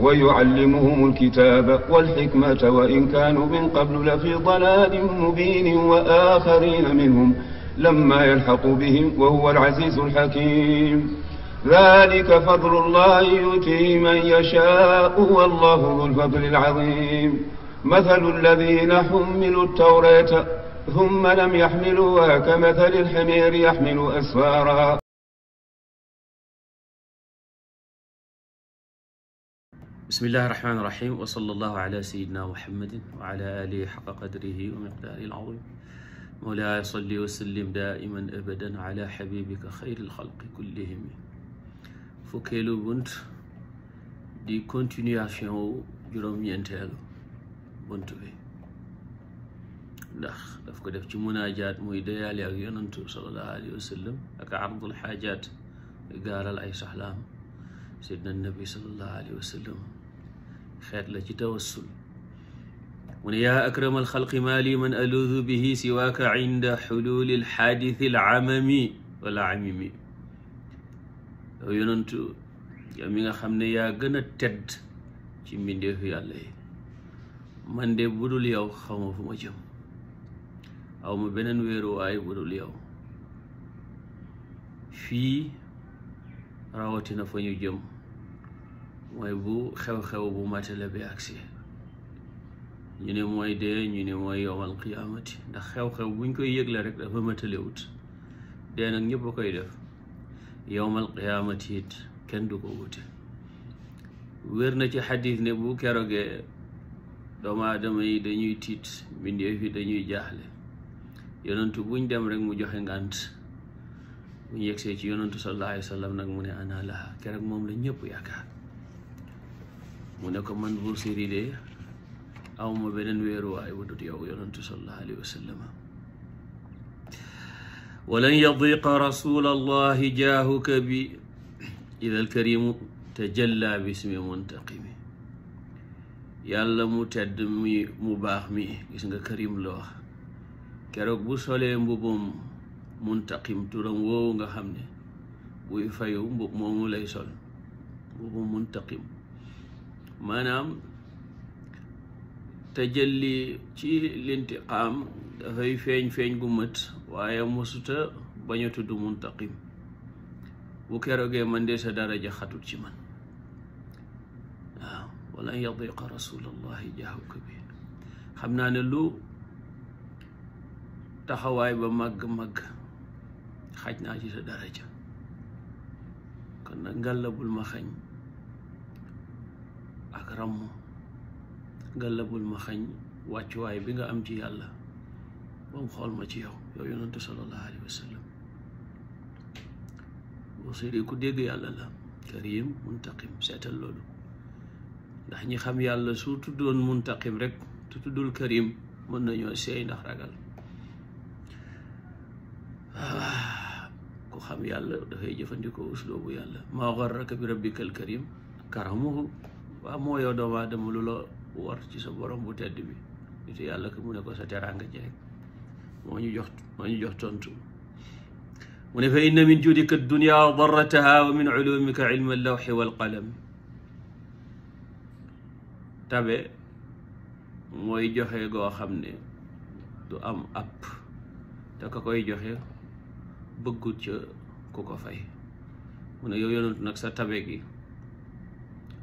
ويعلمهم الكتاب والحكمة وإن كانوا من قبل لفي ضلال مبين وآخرين منهم لما يلحق بهم وهو العزيز الحكيم ذلك فضل الله يؤتيه من يشاء والله ذو الفضل العظيم مثل الذين حملوا التوراة ثم لم يحملوها كمثل الحمير يحمل أسفارا bismillahi irahmani irahim wasala allahu ala seyidna muhammadin waala alihi xaqa qadrihi wa miqdaarihi al-aziim mawlaaya salli wasallim daa'iman abadan ala xabibika xayril xalqi kullihim fukkeelu bunt di continuation wu juróom-ñeenteelu bunt bi ndax daf ko def ci munaajaat muy dayaale ak yonantu sallallahu alayhi wa sallam ak ardul xaajaat gaaral ay soxlaam sidna nabi sallallahu alayhi wa sallam xeet la ci tawassul mu ne yaa akrama alxalqi maa lii man aluudu bihi siwaaka inda xuluuli alxaadisi alamami wala yow yonentu yow mi nga xam ne yaa gën a tedd ci mbindeefu yàlla yi man de budul yow xaw ma fu ma jëm aw ma beneen wéeruwaay budul yow fii rawatina fa jëm mooy bu xew-xew bu matale bi agsi ñu ne mooy dee ñu ne mooy yowmal qiyaamati ndax xew-xew buñ koy yëgle rek dafa wut dee nag ñëpp koy def yowmal qiyaamati it kenn du ko wute wér na ci xadis ne bu kerogee doomu yi dañuy tiit mbindeef yi dañuy jaaxle yonentu buñ dem rek mu joxe ngànt ñu yegsee ci yonentu sallallahu alayhi wa nag mu ne ana laha keroog moom la ñëpp yaakaar mu ne ko man buur Siri de awma beneen weeruwaay bu dut yow yonentu sallallahu alayhi wa sallam walan yadiqa rasul allahi jaahuka bi ida alkarimu tajalla bismi muntaqimi yàlla mu tedd mu baax mi gis nga karim la wax keroog bu solee mbubum muntaqim turam woowu nga xam ne buy fayu mbub moomu lay sol mbubum muntaqim maanaam te jël li ci lintiqaam dafay feeñ-feeñ gu mët waaye mosuta bañ tudd muntaqim bu keroogee man de sa daraja xatut ci man waaw wala yadiqa rasulallahi jaawka bi xam naa ne lu taxawaay ba màgg-màgg xaj naa ci sa daraja kon nag ngàllabul ma xañ ak ramm nga ma xañ wàccuwaay bi nga am ci yàlla moom xool ma ci yow yow yonantu sallallahu alayhi wa sallam basiri ku yàlla la karim muntaqim seetal loolu ndax ñi xam yàlla su tuddoon muntaqim rek te tuddul karim mën nañoo seey ndax ragal ku xam yàlla dafay jëfandikoo usloobu yàlla maa garraka bi rabbikal karim karamuhu ba mooyoo doomu aadama lu la war ci sa borom bu tedd bi nitu yàlla ko mu ne ko sa teraanga ji rek moo ñu jox moo ñu jox tontu mu ne fa inna min judika dunya wa darrataha wa min ulumika ilmu allawxi walqalam tabe mooy joxe goo xam ne du am app te ka koy joxe bëggut ca ku ko fay mu ne yow yonentu nag sa tabe gi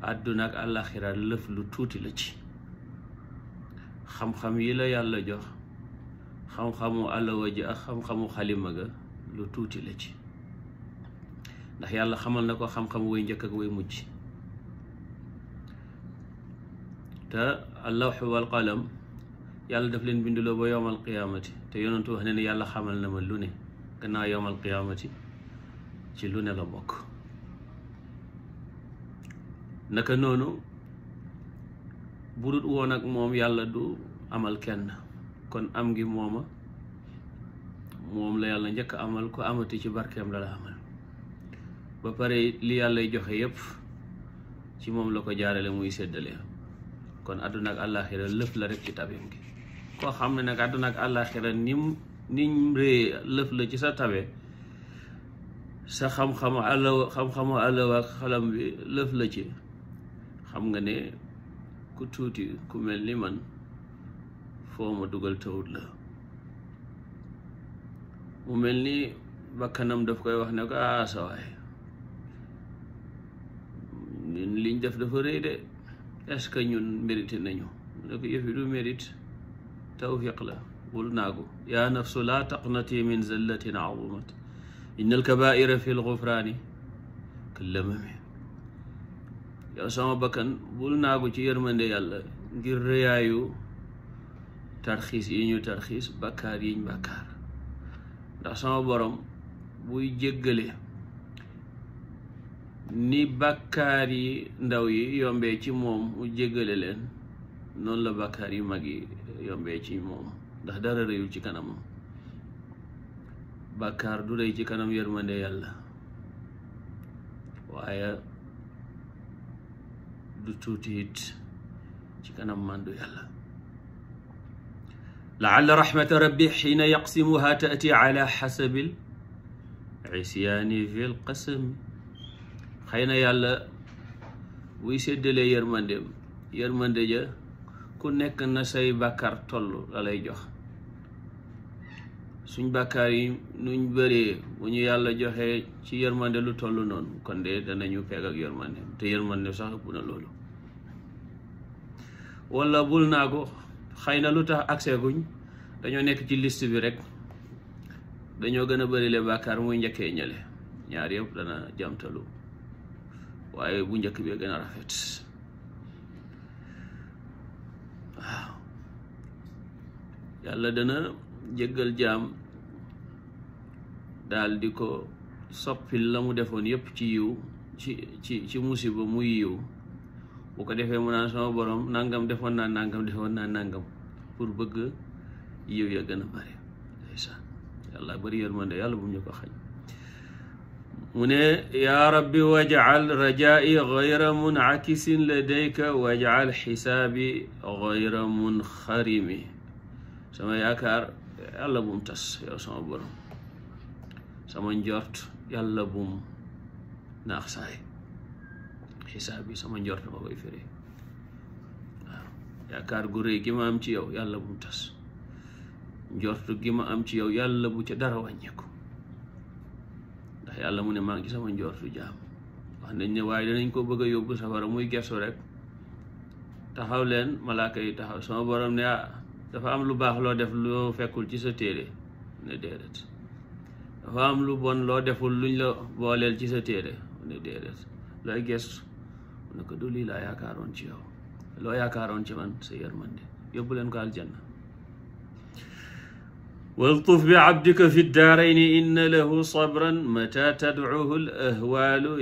àdduna ak àllaaxira lëf lu tuuti la ci xam-xam yi la yàlla jox xam-xamu àllawa xam-xamu xalima ga lu tuuti la ci ndax yàlla xamal na ko xam-xam way njëkk ak way mujj te allawxu wal yàlla daf leen binduloo ba yowmal qiyaamati te yonentu wax ne ne yàlla xamal na ma lu ne gannaaw yowmal qiyaamati ci lu ne la bokk naka noonu bu dut woon ak moom yàlla du amal kenn kon am ngi mooma moom la yàlla njëkk amal ko amati ci barkeem la la amal ba pare li yàllay joxe yépp ci moom la ko jaarale muy séddale kon àdduna ak àllaaxira lëf la rek ci tabim gi koo xam ne nag àdduna ak àllaaxira nim niñ rée lëf la ci sa tabe sa xam-xamu àllaw xam xalam bi lëf la ci xam nga ne ku tuuti ku mel ni man fooma ma dugal tawut la mu mel ni bakkanam daf koy wax ne ko ah, liñ def dafa rëy de est-ce que ñun mérité nañu ne ko yëfi du mérite tawfiq la bul naagu yaa nafsu laa taqnati min zallatin azumat inna alkabaira fi lgufraani kallamami yow sama bakkan bul naagu ci yërmande yàlla ngir rëyaayu tarxiis yi ñu tarxiis bakkaar yiñ bakkaar ndax sama borom buy jéggale ni bakkaar yi ndaw yi yombee ci moom mu jéggale leen noonu la bakkaar yu mag yi yombee ci moom ndax dara rëyul ci kanamam bakkaar du rëy ci kanam yërmande yàlla waaye du tuuti it ci kanam màndu yàlla laalla raxmata rabbi xiina yaqsimuha taati ala xasabil isyaani fil qasami xëy na yàlla buy séddalee yërmandeem yërmande ja ku nekk na say bàkkar toll la lay jox suñ bàkkaar yi nuñ bëree bu ñu yàlla joxe ci yërmande lu toll noonu kon de danañu peeg ak yërmande te yërmande sax bu na loolu wala bul naa ko xëy na lu tax accès guñ dañoo nekk ci liste bi rek dañoo gën a bëri le bàkkaar muy njëkkee ñële ñaar yëpp dana jamtalu waaye bu njëkk bi gën a rafet waaw yàlla dana jéggal jaam daal di ko soppil la mu defoon yépp ci yiw ci ci ci musiba muy yiw bu ko defee mu naan sama borom nangam defoon naa nangam defoon naa nangam pour bëgg yiw ya gën a bare ndeysaan yàlla bari yërmande mu ne yaa rabbi wajcal rajaa'i gayra muncakisin ladayka wajcal xisaabi gayra yàlla bum tas yow sama borom sama njort yàlla bum naax saay xisaab bi sama njort ma koy firi waaw yaakaar gu rëy gi ma am ci yow yàlla bum tas njort gi ma am ci yow yàlla bu ci dara wàññeeku ndax yàlla mu ne maa ngi ci sama njortu jaam wax nañ ne waaye danañ ko bëgg a yóbbu safara muy gertu rek taxaw leen malaaka yi taxaw sama borom ne ah dafa am lu baax loo def loo fekkul ci sa téere ne am lu bon loo deful luñ la booleel ci sa téere ne déedéet looy gestu ne ko du lii laa yaakaaroon ci yow loo yaakaaroon ci man sa yërmande yóbbu leen ko aljanna waltuf bi abdika fi daarayni inna lahu sabran mata tadcuhu l ahwaalu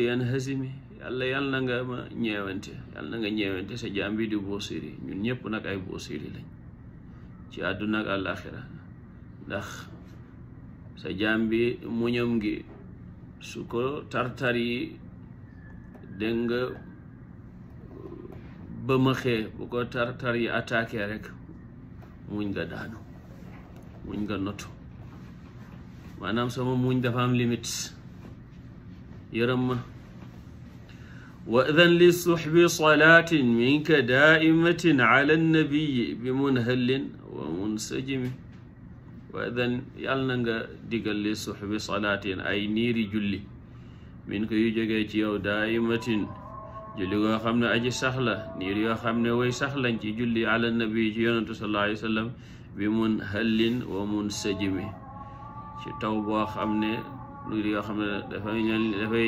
na nga ma ñeewante yàlla ci àdduna ak àllaaxira ndax sa jaam bi muñam gi su ko tartar yi dégg nga bëmëxee bu ko tartar yi attaqué rek muñ nga daanu muñ nga notu maanaam sama muñ dafa am limite yërëm ma وإذن للسحب صلاة منك دائمة على النبي بمنهل sajimi wa idan nga digal li suxbi salaatin ay niiri julli min ko yu jógee ci yow daayimatin julli goo xam ne aji saxla niir yoo xam ne way saxlañ ci julli ala nabi ci yonentu sallallahu alayhi wa sallam bi mun hallin wa mun sajimi ci taw boo xam ne niir yoo xam ne dafay dafay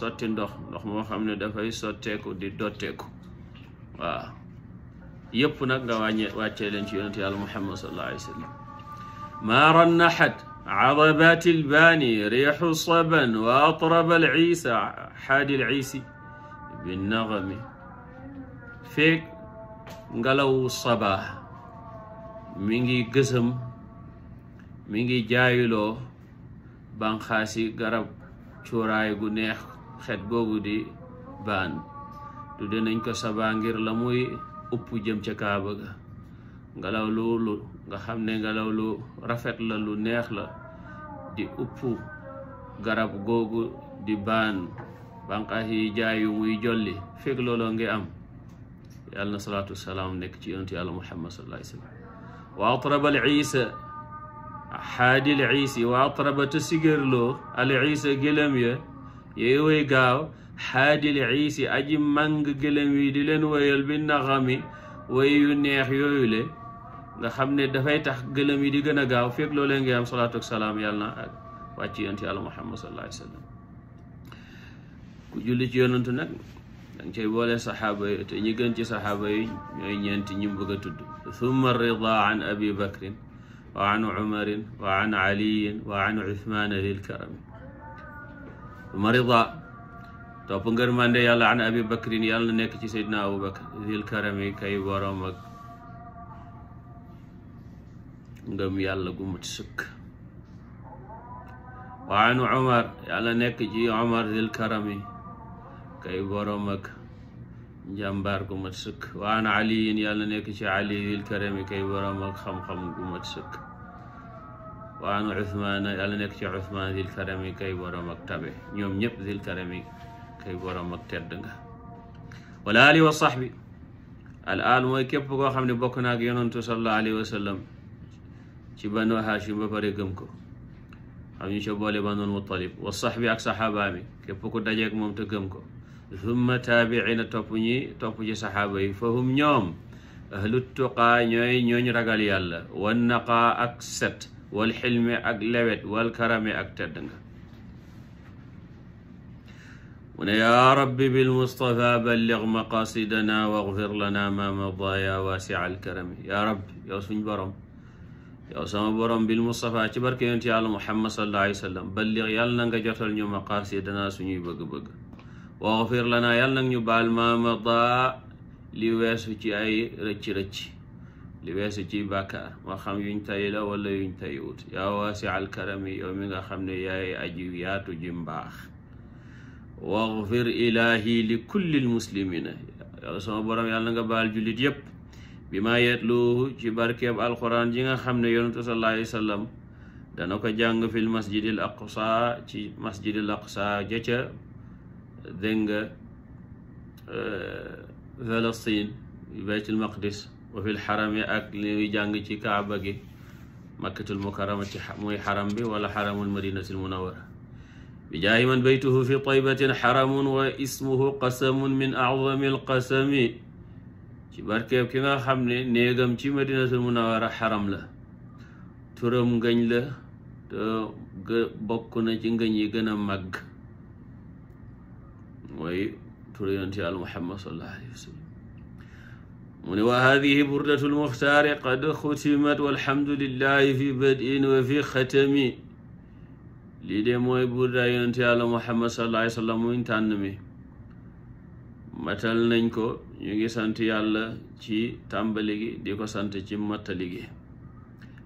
sotti ndox ndox moo xam ne dafay sotteeku di dotteeku waaw yëpp nag nga wàññe wàccee leen ci yonente yàlla muhammad sallallahu alayhi wa sallam maara naxat adabat ilbaani riixu saban wa atraba alciisa xaadi alciisi binnaxami feeg ngelawu sabaa mi ngi gësam mi ngi jaayiloo banxaasi garab cuuraay gu neex xet googu di baan tudde nañ ko sabaa ngir la muy upp jëm ca kaaba ga nga xam ne ngelaw lu rafet la lu neex la di upp garab googu di baan banqaas yi jaayu muy jolli fekk looloo ngi am yàlla na salaatu wasalaam nekk ci yonentu yàlla muhammad sallallahu alayhi wa sallam al isa xaadil iisi wa atraba te sigérloo al isa gëlëm ya yooyu gaaw xaadil iisi aji màng gëlëm yi di leen woyal bi naxami woy yu neex yooyu le nga xam ne dafay tax gëlëm yi di gën a gaaw fekk loolee ngay am salaatu ak salaam yàlla na ak wàcc yonent yàlla muhammad sallallahu alayhi wa sallam ku julli ci yonantu nag danga cay boole saxaaba yi te ñi gën ci saxaaba yi ñooy ñeenti ñi bëgg a tudd thumma rida an abi bakrin wa an umarin wa an aliyin wa an uthmaana dil karami thumma rida topp ngërmande yàlla an abi bakrin yàlla na nekk ci seydina abu bakr zil karami kay borom ak ngëm yàlla gu mat sëkk wa an omar yàlla nekk ci omar zil karami kay borom ak njàmbaar gu mat sëkk wa an aliyin yàlla nekk ci ali zil karami kay borom ak xam-xam gu mat sëkk wa an uthman yàlla nekk ci uthman zil karami kay borom ak tabe ñoom ñëpp zil karami kay borom ak tedd nga wala ali wa sahbi al aal mooy képp koo xam ne bokk naak yonantu sallallahu alayhi wa sallam ci banu hashim ba pare gëm ko xam ñu ca boole banul mutalib wa sahbi ak saxaabaa mi képp ku dajeek moom te gëm ko thumma taabiina topp ñi topp ci saxaaba yi fahum ñoom ahlu tuqaa ñooy ñooñ ragal yàlla wan naqaa ak set wal xilme ak lewet wal karame ak tedd nga mu ne yaa rabbi bilmustafa ballig maqasidana waxfir lana ma mada ya waasi alkarami yaa rabbi yow suñ borom yow sama borom bilmustafa ci barke yonent yàlla muhammad sallallahu alayhi wa sallam ballig yàlla na nga jotal ñu maqasidana suñuy bëgg-bëgg waxfir lana yàlla nag ñu baal ma mada li weesu ci ay rëcc-rëcc li weesu ci bàkkaar moo xam yuñ tay la wala yuñ tay wut yaa waasi alkarami yow mi nga xam ne yaay aji yaatu ji mbaax waxfir ilahi li kullil muslimina yàlla sama borom yàlla nga baal jullit yépp bi maa yeetluuhu ci barkeeb alquran ji nga xam ne yonentu sallallahu alayhi wa sallam dana ko jàng fil masjidil aqsa ci masjidil aqsa jëca dégg nga Palestine baytul maqdis wa fil xarami ak li ñuy jàng ci kaaba gi makkatul mukarama ci muy xaram bi wala xaramul madinatil munawara bijaahi man baytuhu fi taybatin xaramun wa ismuhu qasamun min acdami alqasami ci barkeeb ki nga xam ne néegam ci madinatul munawara xaram la turam ngëñ la te bokk na ci ngëñ yi gën a màgg mooy tur yonent Yàlla Muhammad sallallahu alayhi wa sallam mu ne wa haadihi burdatul muxtaari qad xutimat walhamdulillahi fi badin wa fi xatami lii de mooy burdaay yonent yàlla muhammad sallallahu alayhi wa mi matal nañ ko ñu ngi sant yàlla ci tàmbali gi di ko sant ci mattali gi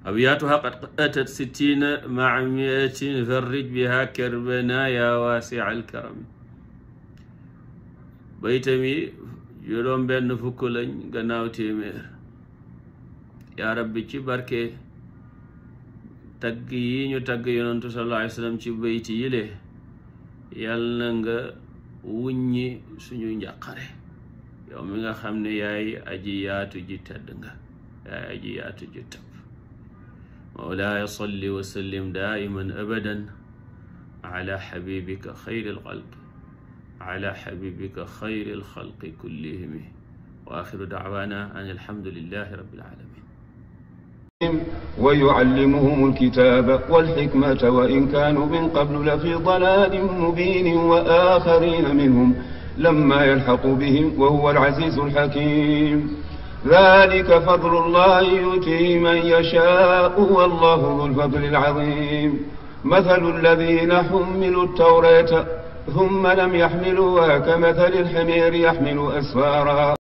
abiyaatuha qad atat sittina maa miatin farrij biha kerbana ya waasi alkarami baytam yi juróom benn fukk lañ gannaaw téeméer yaa rabbi ci barke tagg yi ñu tagg yonantu sallallahu alayhi wa ci bayti yile yal na nga wuññi suñu njàqare yow nga xam ne yaay aji yaatu ji tedd nga yaay aji yaatu ji tab mawlaaya salli wa sallim alxalq ala xabibika xayri alxalqi kullihimi wa axiru daawana an alhamdulillahi ويعلمهم الكتاب والحكمة وإن كانوا من قبل لفي ضلال مبين وآخرين منهم لما يلحق بهم وهو العزيز الحكيم ذلك فضل الله يؤتيه من يشاء والله ذو الفضل العظيم مثل الذين حملوا التوراة ثم لم يحملوها كمثل الحمير يحمل أسفارا